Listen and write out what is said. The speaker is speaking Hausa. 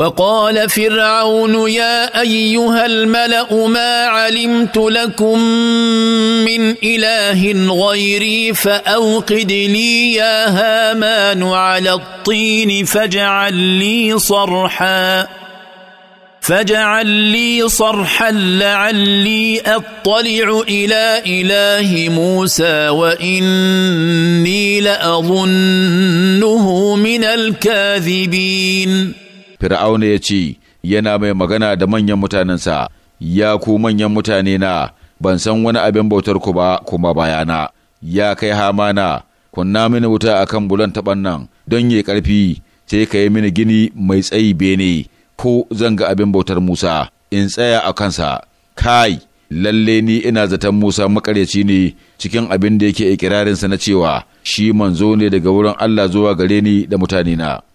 وقال فرعون يا ايها الملا ما علمت لكم من اله غيري فاوقد لي يا هامان على الطين فاجعل لي صرحا فاجعل لي صرحا لعلي اطلع الى اله موسى واني لاظنه من الكاذبين Fir'auna ya ce, Yana mai magana da manyan mutanensa, ya ku manyan mutane na, ban san wani abin bautar ku ba kuma bayana, ya kai hamana, kunna mini wuta a kan bulan taɓan nan don yi ƙarfi, sai ka yi mini gini mai tsayi bene, ko zan ga abin bautar Musa, in tsaya a kansa, kai, lalle ni ina zaton Musa makaryaci ne cikin abin da yake ikirarinsa na cewa shi manzo ne daga wurin Allah zuwa gare ni da mutanena.